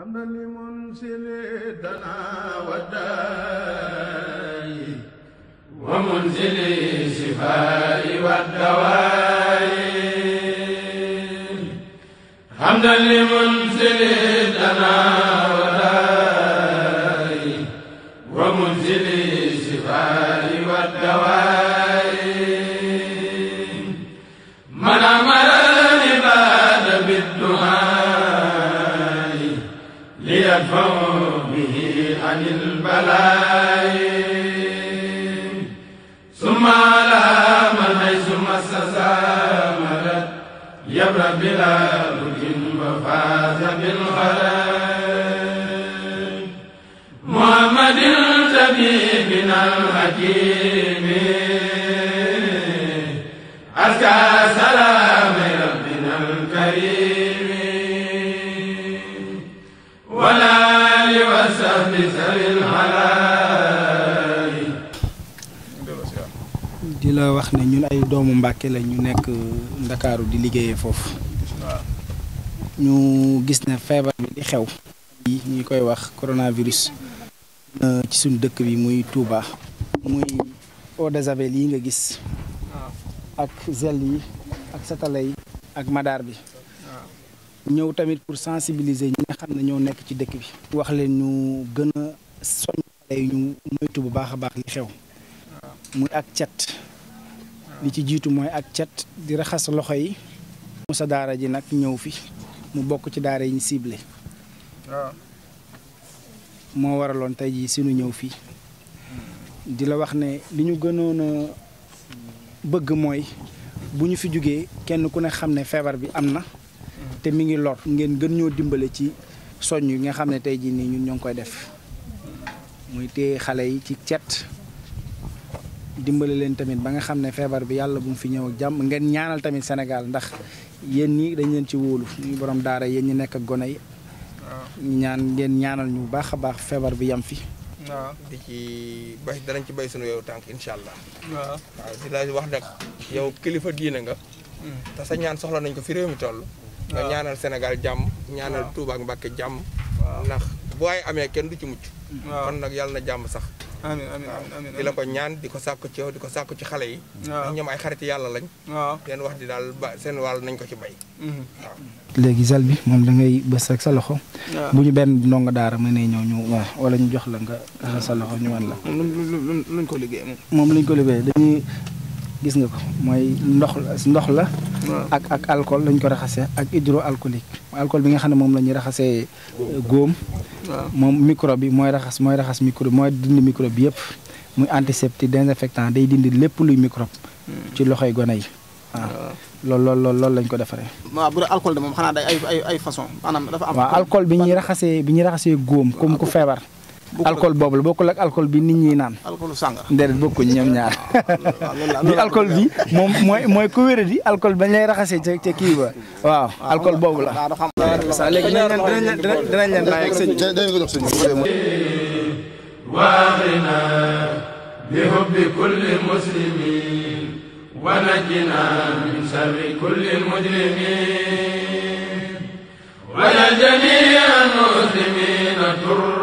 حمدا لمنسل دنا والداء ومنزل الشفاء والدواء حمدا لمنزل Aska salaam doomu Mbàkke la ñu nekk Ndakaaru di liggéeyee foofu ñu gis ne feebar bi di xew yi ñu koy wax coronavirus ci suñ dëkk bi muy Touba muy eau de javel yi nga gis ak gel yi ak satala yi ak madaar bi ñëw tamit pour sensibiliser ñi nga xam ne ñoo nekk ci dëkk bi wax leen ñu gën a soñ xale moytu bu baax a baax li xew muy ak cet li ci jiitu mooy ak cet di raxas loxo yi mu sa daara ji nag ñëw fi mu bokk ci daara yi ñu ciblé moo waraloon tey jii suñu ñëw fii di la wax ne li ñu gënoon a bëgg mooy bu ñu fi jógee kenn ku ne xam ne feebar bi am na te mi ngi lor ngeen gën ñoo dimbale ci soññ yi nga xam ne tey jii nii ñun ñoo koy def muy téye xale yi ci cet dimbali len tamit ba nga xam ne bi yalla bu mu fi ñew ak jam ngeen ñaanal tamit Sénégal ndax yeen ni dañ leen ci wolu ñu borom daara yeen ñi nekk ak gone yi ñaan ngeen ñaanal ñu baaxa baax feebar bi yam fi di ci bay danañ ci bay sunu yow tank inshallah allah waaw di la wax nak yow kilifa diina nga hmm. ta sa ñaan soxla nañ ko fi rewmi mi toll nga ñaanal Sénégal jam ñaanal Touba ak Mbacke jam ndax bu ay amee kenn du ci muccu kon nak yalla na jam sax amiin amiin di la ko ñaan di ko sàkku ci yow di ko sàkku ci xale yi. waaw ñoom ay xarit yàlla lañ. waaw seen wax di daal ba seen wàll nañ ko ci bay. Mm-hmm. waaw. léegi sal moom da bës rek sa loxo. bu ñu benn ndongo daara mënee ñëw ñu wala ñu jox la nga sa loxo ñu wan la. lu lu luñ ko liggéey moom. moom luñ ko liggéey dañuy. gis nga ko mooy ndox ndox la. ak ak alcool lañ ko raxasee ak hydroalcoolique. alcool bi nga xam ne moom la ñuy raxasee euh, góom. moom microbe bi mooy raxas mooy raxas microbe mooy dindi microbe yëpp. muy antiseptique désinfectant day dindi lépp luy microbe. Hmm. ci loxoy gone yi. waaw loolu loolu loolu loolu lañ ko defaree. waaw bu dee alcool de moom xanaa day ay ay ay façon maanaam bi ñuy raxasee góom comme ku feebar. alcool boobu bokul ak alcool bi nit ñi naan. alcool sàngara déedéet bokku ñom ñaar. Ah, di alcool bi mom moy moy ku wéré di alcool bañ lay raxassé ci ci ki ba waaw ah, alcool boobu la. waaw léegi dinañ leen dinañ leen ak ko جميع المسلمين تر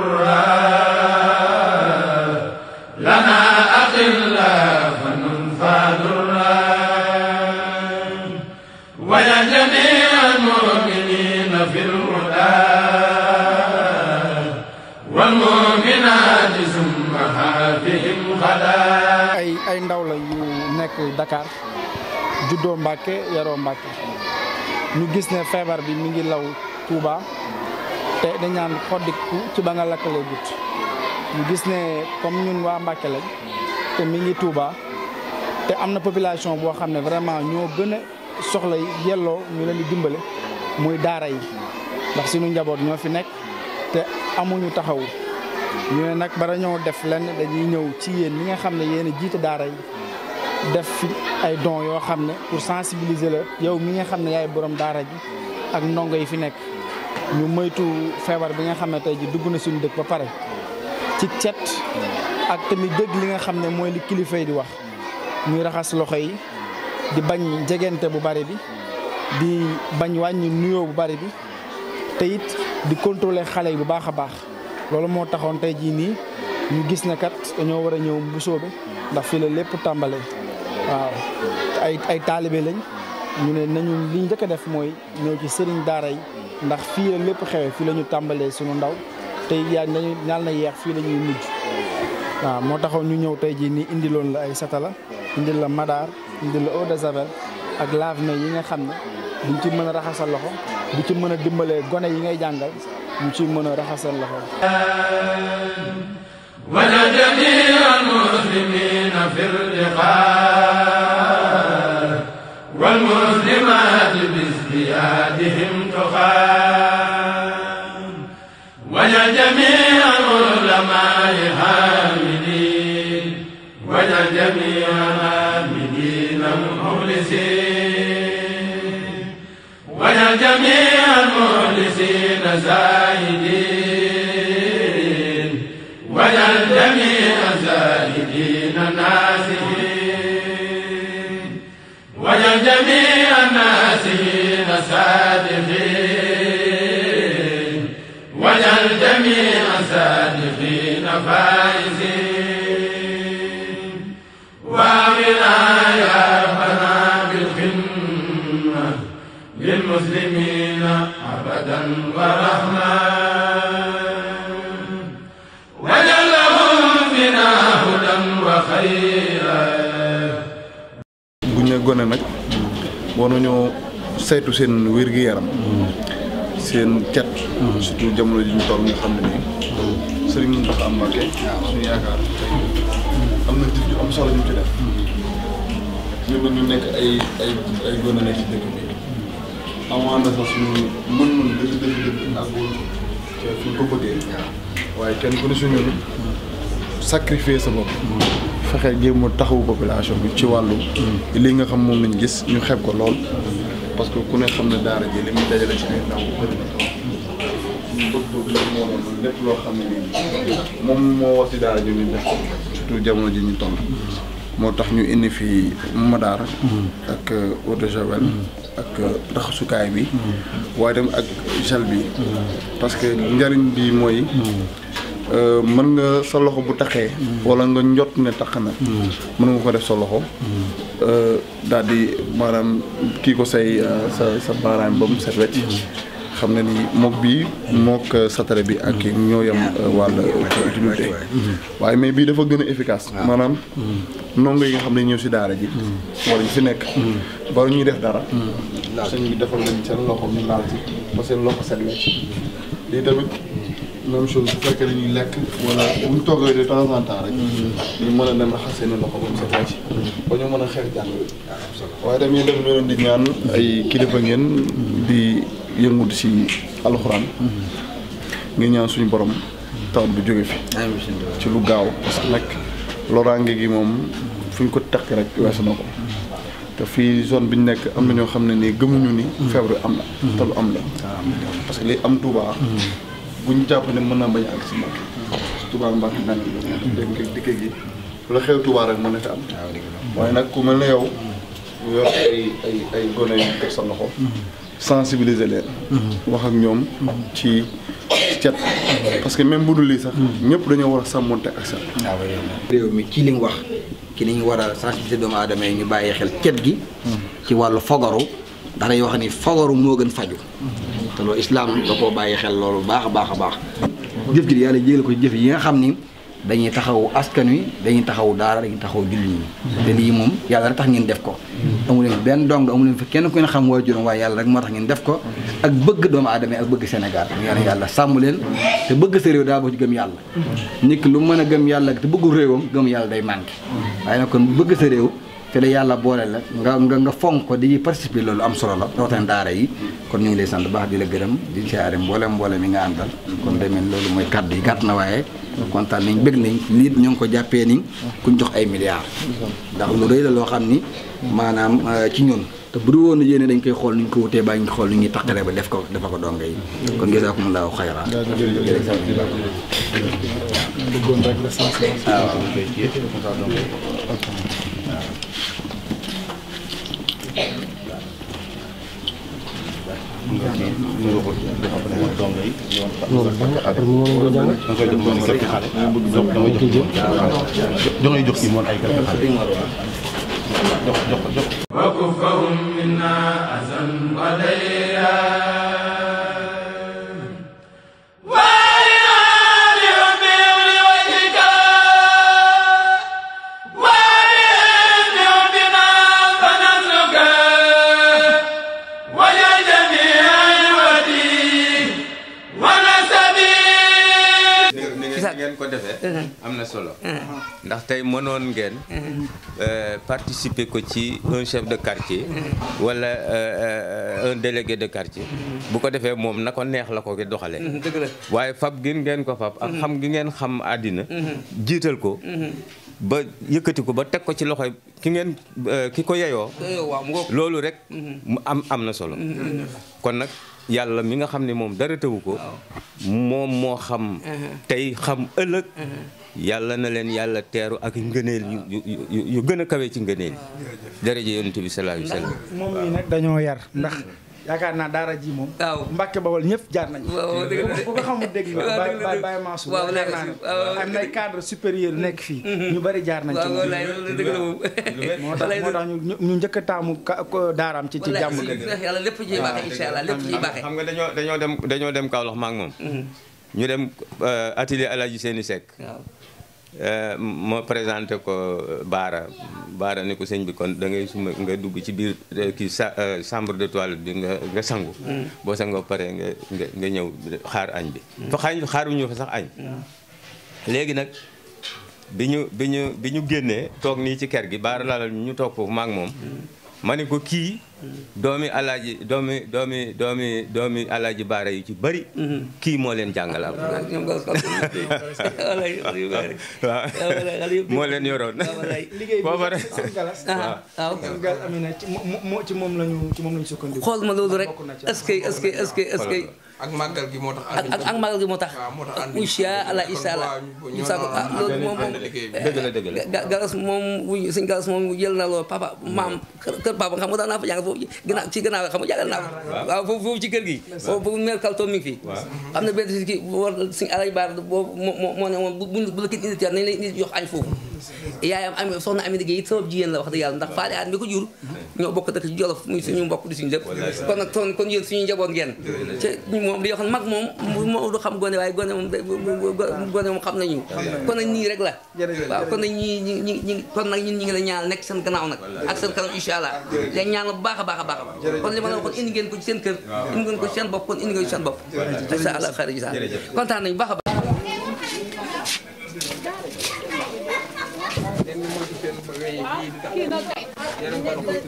ay ndaw la yu nekk Dakar juddoo Mbàkke yaroo Mbàkke ñu gis ne feebar bi mi ngi law Touba te dañ naan xoddiku ci ba nga lakkalee gut ñu gis ne comme ñun waa Mbàkke lañ te mi ngi Touba te am na population boo xam ne vraiment ñoo gën a soxla yelloo ñu leen di dimbale muy daara yi ndax suñu njaboot ñoo fi nekk te amuñu taxawu ñu ne nag bara ñoo def lenn dañuy ñëw ci yéen ñi nga xam ne yéen a jiite daara yi def fi ay dons yoo xam ne pour sensibiliser la yow mi nga xam ne yaay borom daara ji ak ndongo yi fi nekk ñu moytu feebar bi nga xam ne tey ji dugg na suñu dëkk ba pare ci cet ak tamit dégg li nga xam ne mooy li kilifa yi di wax ñuy raxas loxo yi di bañ jegente bu bari bi di bañ wàññi nuyoo bu bari bi te it di contrôler xale yi bu baax a baax loolu moo taxoon tey jii nii ñu gis ne kat dañoo war a ñëw Mbusoobe ndax fii la lépp tàmbalee waaw ay ay taalibe lañ ñu ne nañu li ñu njëkk a def mooy ñëw ci sëriñ daara yi ndax fii la lépp xewe fii la tàmbalee sunu ndaw tey yaa nañu ñaal na yeex fii la ñuy waaw moo taxoon ñu ñëw tey jii nii indiloon la ay satala indil la madaar indil la eau de ak lave-mains yi nga xam ne duñ ci mën a raxas sa loxo bu ci mën a dimbalee gone yi ngay jàngal ñu ci mën a raxas sa loxo wala jamii al muslimiina fi liqaar بيادهم تخام ويا جميع العلماء هامدين ويا جميع العاملين مخلصين ويا جميع المخلصين زاهدين جميع الناسين صادقين واجعل جميع صادقين فائزين وامنا آية يا ربنا بالخدمة للمسلمين أبدا ورحمة وجعلهم فينا هدى وخيرا wonu ñu saytu seen wér gi yaram hmm. seen cet hmm. surtout jamono ji ñu toll ñu xam ni nii hmm. sëriñ mun tax am mbàkke suñu yaakaar am na jëf am solo ñu ci def ñu ba ñu nekk ay ay ay gone nekk ci dëkk bi amoon na sax suñu mën-mën dëkk dëkk dëkk ak wóor ci fuñ ko bëggee waaye kenn ku ne suñu sacrifier sa bopp fexe jéem a taxawu population bi ci wàllu li nga xam moom lañ gis ñu xeeb ko lool parce que ku ne xam ne daara ji li muy dajale si ay ndaw lépp loo xam ne moom moo war ci daara ji ñu def jamono ji ñu toll moo tax ñu indi fi madaar ak eau de javel ak raxasukaay bi mm. waaye dem ak gel bi mm. parce que njariñ bi mooy mm. Euh, mën nga sa loxo bu taxee. Mm. wala nga njot ne tax na. Mm. mën nga ko def sa loxo. Mm. Euh, daal di maanaam kii ko say euh, sa sa baaraam ba mu set wecc xam na ni mook bii mook satare bi ak ñoo yem wàll utilité waaye mais bii dafa gën a efficace maanaam nongo yi nga xam ne ñëw si daara ji wala ñu si nekk bari ñuy def dara sëñ bi defal nañ seen loxo ñu laal si seen loxo set wecc même chose bu fekkee dañuy lekk wala buñ toogee de temps en rek. Mm-hmm. ñu mën a dem raxas seen loxo ba mu set wàcc. mën a xeex jàngoro bi. waaye tamit daf leen di ñaan ay kilifa ngeen di yëngu si alxuraan. Mm-hmm. ngeen ñaan suñu borom. tawat bu jóge fi. ci lu gaaw parce que loraange gi moom fu ñu ko takk rek weesu na ko. Mm-hmm. te fii zone bi ñu nekk am na ñoo xam ne ni gëmuñu ni. feebar am na. te lu am la. parce que li am Touba. bu ñu jàpp ne mën na bañ a àgg si Mbàkke Touba Mbàkke naan gi dégg dikke mën na fi am waaye nag ku mel ne yow yor ay ay ay gone yu teg sa loxo sensibiliser leen wax ak ñoom ci cet parce que même bu dul lii sax ñëpp dañoo war a sàmmonte ak set réew mi ci li mu wax ki ni ñu war a sensibiliser doomu aadama yi ñu bàyyi xel cet gi ci wàllu fogaru ndax dañuy wax ni fogaru moo gën faju te loolu islaam da koo bàyyi xel loolu baax a baax a baax jëf ji yàlla yi nga xam ni dañuy taxaw askan wi dañuy taxaw daara dañuy taxaw julli ñi te lii moom yàlla rek tax ngeen def ko amu leen benn dong amu leen fi kenn ku ne xam waajuram waaye yalla rek moo tax ngeen def ko ak bëgg doomu aadama ak bëgg Sénégal yàlla yàlla sàmm leen te bëgg sa réew daa boo ci gëm yàlla nit ki lu mën a gëm yàlla te bëggul réewam gëm yàlla day manqué waaye nag kon bëgg sa réew te la yàlla boole la nga nga nga fonk ko di participer loolu am solo la rawatina daara yi kon ñu ngi lay sant baax di la gërëm di siyaare mboolem mboolem mi nga àndal kon demee loolu mooy kàddu yi gàtt na waaye kontaan nañ bëgg nañ nit ñoo ngi ko jàppee ni kuñ jox ay milliards ndax lu rëy la loo xam ni maanaam euh, ci ñun te bu du woon yéene dañ koy xool nu ñu ko wutee baa ngi xool nu ñuy taqale ba def ko dafa ko donga yi kon jazaakumullaahu xayra waaw وكفهم منا أذى وليلا am na solo ah. ndax tey mënoon ngeen ah. euh, participer ko ci un chef de quartier ah. wala euh, euh, un délégué de quartier bu ko defee moom na ko neex la ko gi doxale waaye fab gi ngeen ko fab ak xam gi ngeen xam àddina jiital ko ba yëkkati ko ba teg ko ci loxoy ki ngeen ki ko yeyoo loolu rek mu am am na solo kon nag yàlla mi nga xam ne moom dara tëwu ko moom moo xam uh-huh. tey xam ëllëg uh-huh. yàlla na leen yàlla teeru ak ngëneel yu yu gën a kawe ci ngëneel yi. jërëjëf yonent bi sallallahu alayhi wa sallam moom ñi nag dañoo yar ndax yaakaar naa daara ji moom. waaw Mbàkke Bawol ñëpp jaar nañu. waaw dëgg la ku ko xamul dégg nga. waaw dëgg la Baye Baye Mansour. waaw leer naa ne am na ay cadre supérieur nekk fii. Mhm. ñu bari jaar nañ ci. waaw walaay loolu dëgg la moom. moo tax moo tax ñu ñu njëkk a taamu daaraam ci ci jàmm. walaay yàlla lépp ciy ah, baaxe incha allah lépp ciy baaxe. xam nga dañoo dañoo dem dañoo dem Kaolack maa ngi moom. Mhm. ñu dem euh, atelier Alaaji Seeni Seck. waaw. Eh, ma présenté ko Baara Baara ni ko sëñ bi kon da ngay suma nga dugg ci biir eh, kii eh, chambre de toilette bi nga nga sangu. Hmm. boo sangoo pare nga nga nga ñëw xaar añ bi. Hmm. fa xaañ xaaruñu fa sax añ. Hmm. léegi nag bi ñu bi ñu bi ñu ci kër gi Baara la ñu toog foofu ma ak moom. ma ko doomi alaaji doomi doomi doomi doomi alaaji baara yu ci bëri mhm. kii moo leen jàngal alxuraan waaw moo leen yoroon foofa rek waaw ci moom lañu ci moom lañu sukkandiku xool ma loolu rek est-ce que est-ce que est-ce que est-ce que ak màggal gi moo tax. ak ak màggal gi moo tax. waaw moo tax ànd incha allah ñu saako ah loolu moom moom. jël na loolu papa maam kër papa xam nga daan naa fa jàng foofu gannaaw ci gannaaw xam nga foofu ci kër gi. foofu foofu mère Kaltoom fi. am na benn si kii war alay baar moo moo ne moom bu bu la kii indi nañ la añ foofu. yaayam am soxna Amina Gueye it sama jigéen la wax dëgg yàlla ndax faale aat mi ko jur ñoo bokk dëkk ci Jolof muy suñu mbokk di suñu lépp kon nag moom di moo du xam gone waaye gone moom gone moom xam nañu kon nag nii rek la waaw kon nag ñi ñi ñi ñi kon nag ñun ngi la ñaanal nekk seen gannaaw nag a baax a baax kon li ma la ngeen ko ci seen kër indi ngeen ko ci seen bopp kon indi ngeen ko ci seen bopp incha allah xarit kontaan nañu baax a baax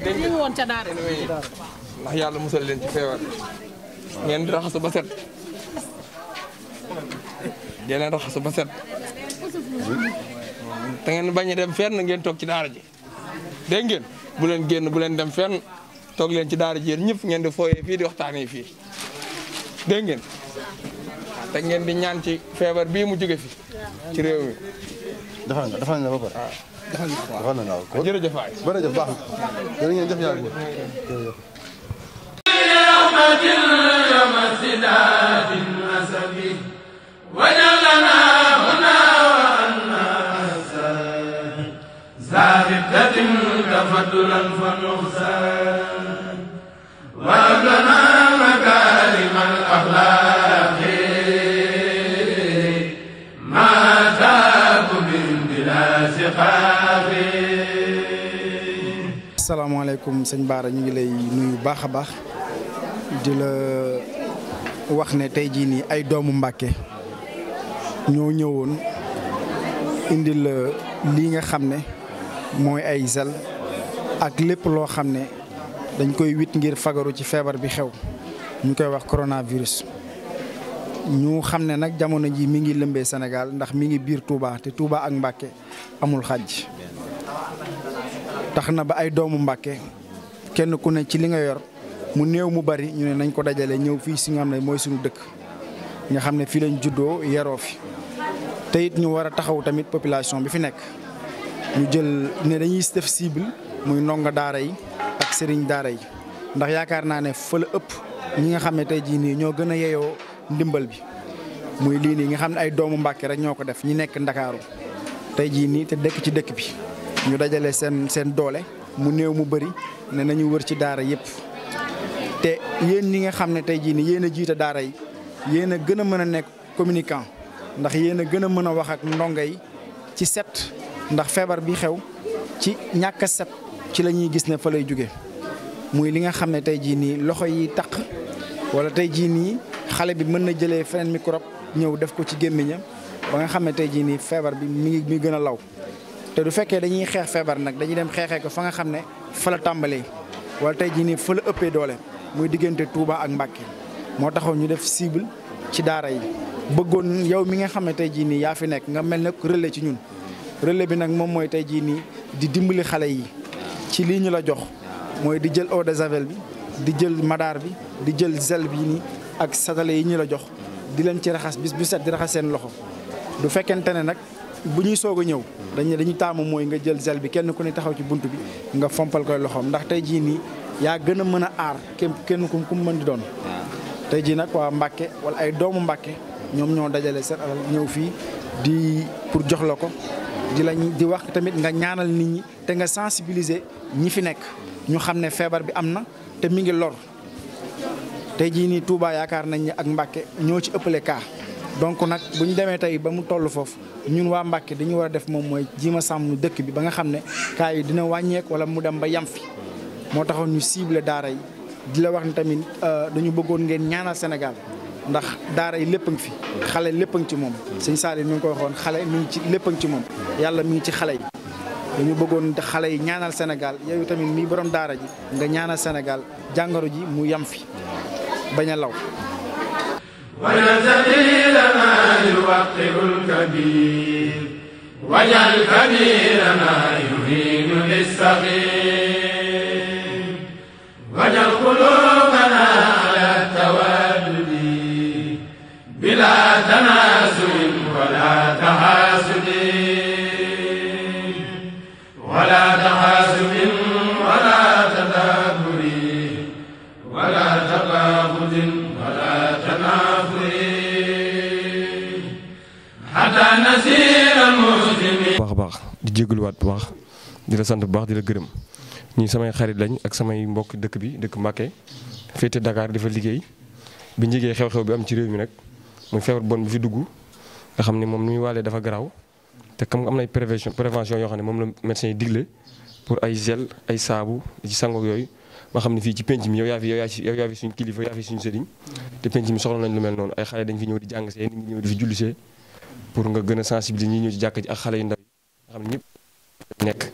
dañu woon ca daara ndax yàlla musal leen ci feebar ngeen di raxasu ba set dee raxasu ba set te ngeen bañ dem fenn ngeen toog ci daara ji dégg ngeen bu leen génn bu leen dem fenn toog leen ci daara ji ngeen di di ngeen ngeen di ñaan ci mu fi ci mi دفعنا دفعنا بابا دفعنا دخلنا جرجف معي برجف ضحك جرجف جرجف يا ابو رحمة اليوم سلاة النسب وجعلنا هنا وأنا زاد ابتدم تفضلا فنغسان asalaamaaleykum sëñ Baara ñu ngi lay nuyu baax a baax di la wax ne tey jii nii ay doomu Mbàkke ñoo ñëwoon indi la lii nga xam ne mooy ay zel ak lépp loo xam ne dañ koy wit ngir fagaru ci feebar bi xew ñu koy wax coronavirus. ñu xam ne nag jamono ji mi ngi lëmbee senegal ndax mi ngi biir Touba te Touba ak Mbàkke amul xaj tax na ba ay doomu Mbàkke kenn ku ne ci li nga yor mu néew mu bari ñu ne nañ ko dajale ñëw fii si nga xam ne mooy suñu dëkk nga xam ne fii lañ juddoo yaroo fi te ñu war a taxaw tamit population bi fi nekk ñu jël ne dañuy def cible muy ndongo daara yi ak sëriñ daara yi ndax yaakaar naa ne fa ëpp ñi nga xam ne tey jii nii ñoo gën a yeyoo ndimbal bi muy lii nii nga xam ne ay doomu Mbàkke rek ñoo ko def ñi nekk Ndakaaru tey jii nii te dëkk ci dëkk bi ñu dajale seen seen doole mu néew mu bëri ne nañu wër ci daara yëpp te yéen ñi nga xam ne tey jii nii yéen a jiite daara yi yéen a gën a mën a nekk communicant ndax yéen a gën a mën a wax ak ndongo yi ci set ndax feebar bi xew ci ñàkk set ci la ñuy gis ne fa lay jóge muy li nga xam ne tey jii nii loxo yi taq wala tey jii nii xale bi mën na jëlee feneen microbe ñëw def ko ci gémmiñam ba nga xam ne tey jii nii feebar bi mi ngi mi gën a law te du fekkee dañuy xeex feebar nag dañuy dem xeexee ko fa nga xam ne fa la tàmbalee wala tey jii nii fa la ëppee doole muy diggante Touba ak Mbacké moo taxoon ñu def cible ci daara yi. bëggoon yow mi nga xam ne tey jii nii yaa fi nekk nga mel ne relais ci ñun relais bi nag moom mooy tey jii nii di dimbali xale yi ci lii ñu la jox mooy di jël eau de javel bi di jël madaar bi di jël zel bi nii ak satale yi ñu la jox di leen ci raxas bis bu set di raxas seen loxo du bu ñuy soog a ñëw dañ dañu taamu mooy nga jël zel bi kenn ku ne taxaw ci bunt bi nga fompal koy loxoom ndax tey jii nii yaa gën a mën a aar kenn kenn ku mu mën di doon tey jii nag waa Mbàkke wala ay doomu Mbàkke ñoom ñoo dajale seen alal ñëw fii di pour jox la ko di la di wax tamit nga ñaanal nit ñi te nga sensibiliser ñi fi nekk ñu xam ne feebar bi am na te mi ngi lor tey jii nii Touba yaakaar nañ ni ak Mbàkke ñoo ci ëppale kaa donc nag bu ñu demee tey ba mu toll foofu ñun waa Mbàkke dañu war a def moom mooy jiima sàmm dëkk bi ba nga xam ne kaa yi dina wàññeek wala mu dem ba yam fi moo taxoon ñu cible daara yi di la wax ni tamit euh, dañu bëggoon ngeen ñaanal senegal ndax daara yi lépp a fi xale lépp a ci moom sëñ Saali mi ngi koy waxoon xale mi ngi ci lépp a ci moom yàlla mi ngi ci xale yi dañu bëggoon xale yi ñaanal Sénégal yow tamit mii borom daara ji nga ñaanal Sénégal jàngoro ji mu yam fi bañ a law ويزلي ما يوقر الكبير واجعل كبيرنا يهين للصغير jégaluwaat bu baax di la sant bu baax di la gërëm ñi samay xarit lañ ak samay mbokk dëkk bi dëkk Mbacké féete Dakar dafa liggéey bi njigee xew-xew bi am ci réew mi nag muy feebar bon bi fi dugg nga xam ne moom nu muy waalee dafa garaaw te comme am na ay prévention prévention yoo xam ne moom la médecin yi ay gel ay saabu ci sangoog yooyu ma fii ci penc mi yow yaa fi yow yaa fi suñu mi soxla nañ lu mel noonu ay xale dañ fi ñëw di jàng see nit ñi ñëw di fi jullisee pour nga gën a sensibiliser ñi ñëw ci jàkk ji ak xale yu ndaw yi nekk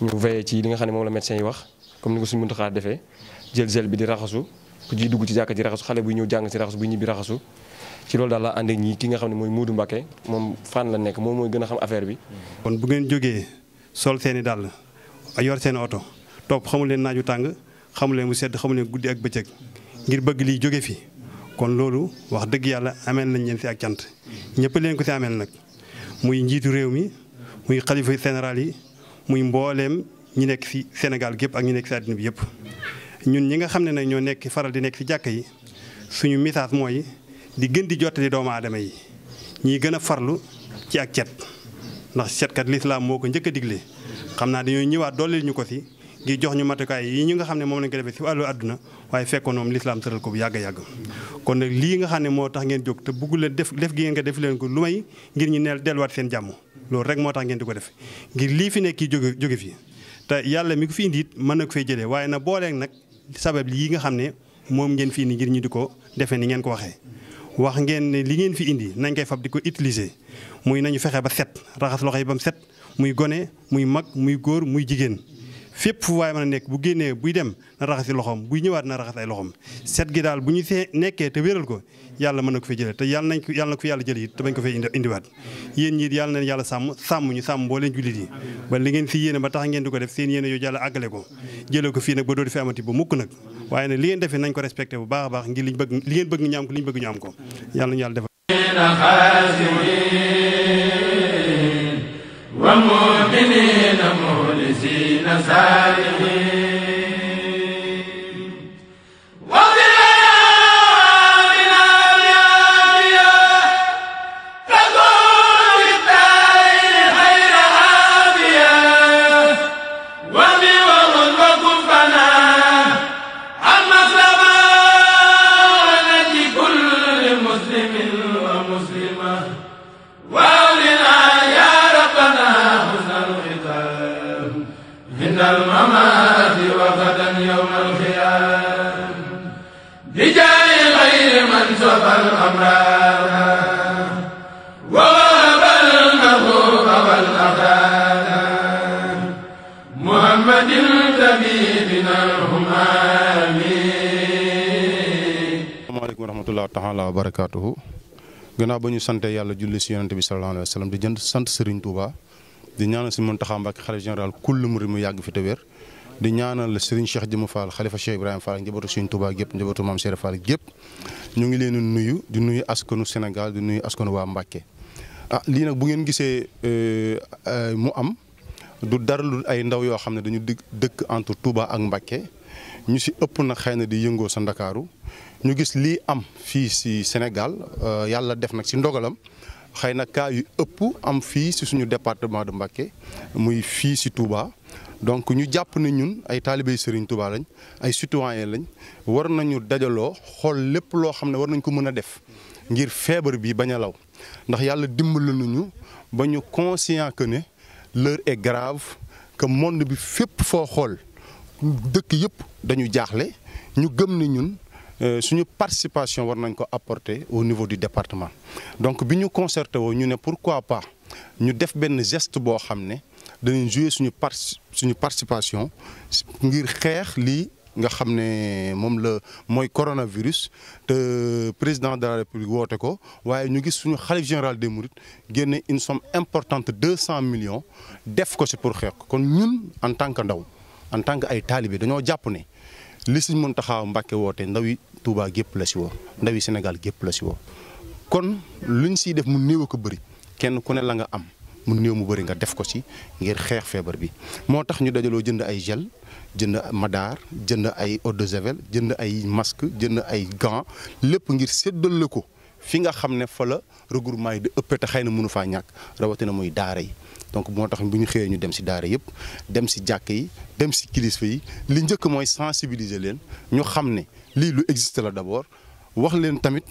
ñu veillé ci li nga xam ne moom la médecin yi wax comme ni ko suñu muntaxaa defee jël gel bi di raxasu ku ci dugg ci jàkka ji raxasu xale buy ñëw jàng si raxasu buy ñibbi raxasu ci loolu daal la ànd ak ñi ki nga xam ne mooy Modou Mbacké moom fan la nekk moom mooy gën a xam affaire bi. kon bu ngeen jógee sol seeni i dàll yor seen oto topp xamu leen naaju tàng xamu leen mu sedd xamu leen guddi ak bëccëg ngir bëgg lii jóge fi kon loolu wax dëgg yàlla ameel nañ leen fi ak cant ñëpp leen ko si ameel nag muy njiitu réew mi muy xalifa général yi muy mbooleem ñi nekk si Sénégal gépp ak ñi nekk si àddina bi yëpp. ñun ñi nga xam ne nag ñoo nekk faral di nekk si jàkk yi suñu message mooy di gën di jottali doomu aadama yi ñiy gën a farlu ci ak cet ndax cet kat lislaam moo ko njëkk a digle xam naa dañoo ñëwaat dooleel ko si. ngir jox ñu matukaay yi ñu nga xam ne moom lañ ko defee si wàllu àdduna waaye fekkoon moom lislaam tëral ko bu yàgg yàgg kon nag lii nga xam ne moo tax ngeen jóg te bugg leen def def gi ngeen ko def ko lu may ngir ñu neel delluwaat seen jàmm loolu rek moo tax ngeen ko def ngir lii fi nekk jóge jóge te yàlla mi ko fi indi mën na ko fay jëlee waaye na booleeg nag sabab lii nga xam ne moom ngeen fi indi ngir ñu di ko defee ni ngeen ko waxee wax ngeen ne li ngeen fi indi nañ koy fab di ko utiliser muy nañu fexe ba set raxas loxo yi ba mu set muy gone muy mag muy góor muy jigéen fépp fu waaye mën a nekk bu génnee buy dem na raxasi loxoom buy ñëwaat na raxas ay loxoom set gi daal bu ñu fee nekkee te wéral ko yàlla mën na ko fi jëlee te yàlla nañ ko yàlla na ko fi yàlla jëlee it te bañ ko fee indiwaat yéen ñi yàlla nañ yàlla sàmm sàmm ñu sàmm jullit yi ba li ngeen fi yéene ba tax ngeen di ko def seen yéene yooyu yàlla àggale ko jëlee ko fii nag ba dootu fi amati ba mukk nag waaye nag li ngeen defee nañ ko respecté bu baax a baax ngir li ngeen bëgg ñu am ko li ñu bëgg ñu ومؤمنين مخلصين صالحين وغدا يوم الخيام بجاه غير من سبى الأمرار ووهب المغروب والأخان محمد طبيبنا الهمام السلام عليكم ورحمة الله تعالى وبركاته gannaaw ba ñu sante yàlla julli si yonante bi sallallahu alayhi wa sallam di jënd sant Serigne Touba di ñaanal si Mountakha Mbacké xalifa général kull murid mu yàgg fi te wér di ñaanal Serigne Cheikh Jëmm Fall xalifa Cheikh Ibrahima Fall njabootu Serigne Touba gépp njabootu Maam Cheikh Fall gépp ñu ngi leen nuyu di nuyu askanu Sénégal di nuyu askanu waa Mbàkke ah lii nag bu ngeen gisee euh, euh, mu am du dara lu ay ndaw yoo xam ne dañu dëkk entre Touba ak Mbàkke ñu si ëpp na xëy na di yëngoo sa Ndakaaru ñu gis lii am fii si Sénégal euh, yàlla def nag si ndogalam xëy na cas yu ëpp am fii si suñu département de Mbàkke muy fii si Touba donc ñu japp ne ñun ay taalibey Serigne Touba lañ ay citoyen lañ war nañu dajalo xol lepp lo xamne war nañ ko mëna def ngir fièvre bi baña law ndax yalla dimbali nañu ba ñu conscient que ne l'heure est grave que monde bi fep fo xol dëkk yëpp dañu jaxlé ñu gëm ne ñun euh, suñu participation war nañ ko apporter au niveau du département donc biñu concerté wo ñu ne pourquoi pas ñu def ben geste bo xamne ne danañ jouer suñu par participation ngir xeex lii nga xamné mom le moy coronavirus te président de la république woote ko waye ñu gis suñu xalif général des mourides génne une somme importante 200 millions def ko ci pour xex kon ñun en tant que ndaw en tant que ay talibé dañu japp né li suñu Muntaxa Mbàkke woote ndaw yi Touba gépp la ci wo ndaw yi Sénégal gépp la ci wo kon luñ siy def mu néew ko bëri kenn ku ne la nga am. mu néew mu bëri nga def ko ci ngir xeex feebar bi moo tax ñu dajaloo jënd ay gel jënd madaar jënd ay eau de javel jënd ay masque jënd ay gants lépp ngir séddale ko fi nga xam ne fa la regroupement yi di ëppee te xëy na mënu faa ñàkk rawatina muy daara yi. donc moo tax bu ñu xëyee ñu dem ci daara yépp dem ci jàkk yi dem ci kilifa yi li njëkk mooy sensibiliser leen ñu xam ne lii lu existe la d'abord wax leen tamit.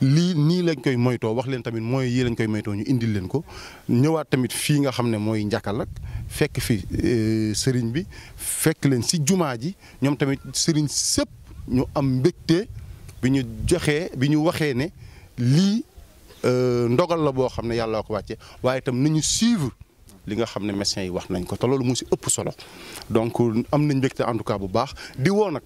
lii nii lañ koy moytoo wax leen tamit mooy yii lañ koy moytoo ñu indi leen ko ñëwaat tamit fii nga xam ne mooy njakal ak fekk fi euh, sëriñ bi fekk leen si jumaa ji ñoom tamit sëriñ sëpp ñu am mbégte bi ñu joxee bi ñu waxee ne lii euh, ndogal la boo xam ne yàlla ko wàcce waaye itam nañu suivre li nga xam ne médecins yi wax nañ ko te loolu mu si ëpp solo donc am nañ mbegte en tout cas bu baax di woo nag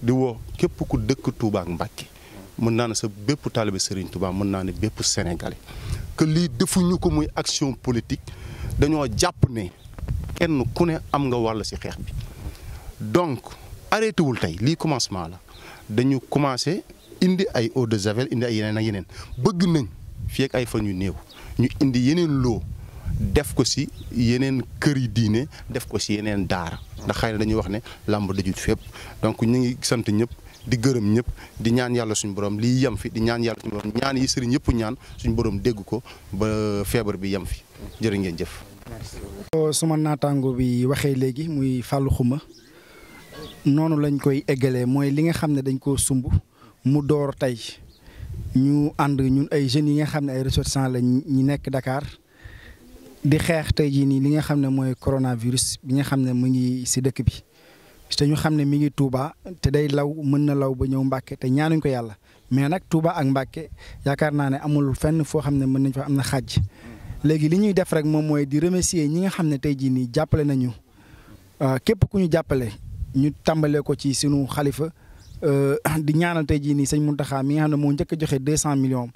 di woo képp ku dëkk tuubaak ak Mbàkke mën naa ne sa bépp taalibe Serigne Touba mën naa ne bépp sénégalais que lii defuñu ko muy action politique dañoo jàpp ne kenn ku ne am nga wàll ci xeex bi donc arrêté wul tey lii commencement la dañu commencé indi ay eau de javel indi ay yeneen ak yeneen bëgg nañ fii ak ay fan yu néew ñu indi yeneen loo def ko ci yeneen kër yi diine def ko ci yeneen daara. ndax xëy na dañuy wax ne làmb dajut fépp donc ñu ngi sant ñëpp di gërëm ñëpp di ñaan yàlla suñu borom lii yem fi di ñaan yàlla suñu borom ñaan yi sëriñ ñëpp ñaan suñu borom dégg ko ba feebar bi yem fi jërë ngeen jëf. suma naataango bi waxee léegi muy fàllu xuma noonu lañ koy eggalee mooy li nga xam ne dañ koo sumb mu door tey ñu ànd ñun ay jeunes yi nga xam ne ay ressortissants lañ ñi nekk Dakar. di xeex tey jii nii li nga xam ne mooy coronavirus bi nga xam ne mu ngi si dëkk bi te ñu xam ne mi ngi Touba te day law mën na law ba ñëw Mbacke te ñaanuñ ko yàlla mais nag Touba ak Mbacke yaakaar naa ne amul fenn foo xam ne mën nañ fa am na xàjj léegi li ñuy def rek moom mooy di remercier ñi nga xam ne tey jii nii jàppale nañu euh, képp ku ñu jàppale ñu tàmbalee ko ci sunu xalifa euh, di ñaanal tey jii nii sañ mun Mountakha mi nga xam ne moo njëkk joxe deux cent millions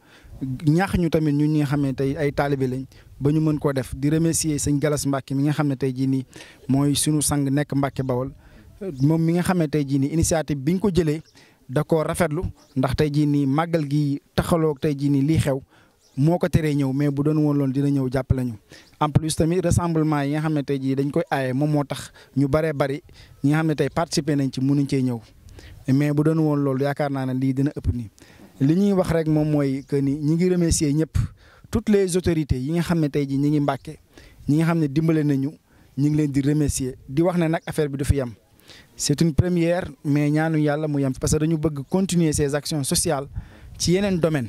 ñaax ñu tamit ñu ñi nga xam ne tey ay taalibe lañ ba ñu mën koo def di remercier sëñ Galas Mbacke mi nga xam ne tey jii nii mooy sunu sang nekk Mbacke Bawol moom mi nga xam ne tey jii nii initiative bi nga ko jëlee da koo rafetlu ndax tey jii nii màggal gi taxaloog tey jii nii lii xew moo ko teree ñëw mais bu doon woon loon dina ñëw jàppale ñu en plus tamit rassemblement yi nga xam ne tey jii dañ koy aaye moom moo tax ñu bare bari ñi nga xam ne tey participer nañ ci mënuñ cee ñëw mais bu doon woon loolu yaakaar naa ne lii dina ëpp nii li ñuy wax rek moom mooy que ni ñi ngi remercier ñëpp toutes les autorités yi nga xam ne tey jii ñi ngi Mbàkke ñi nga xam ne dimbale nañu ñi ngi leen di remercier di wax ne nag affaire bi du fi yem c'est une première mais ñaanu yàlla mu yem parce que dañu bëgg continuer ces actions sociales ci yeneen domaine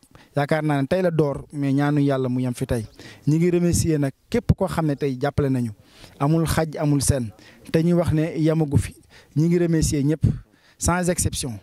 yaakaar naa ne tey la door mais ñaanu yàlla mu yem fi tey ñi ngi remercier nag képp koo xam ne tey jàppale nañu amul xaj amul seen te ñuy wax ne yemagu fi ñi ngi remercier ñëpp sans exception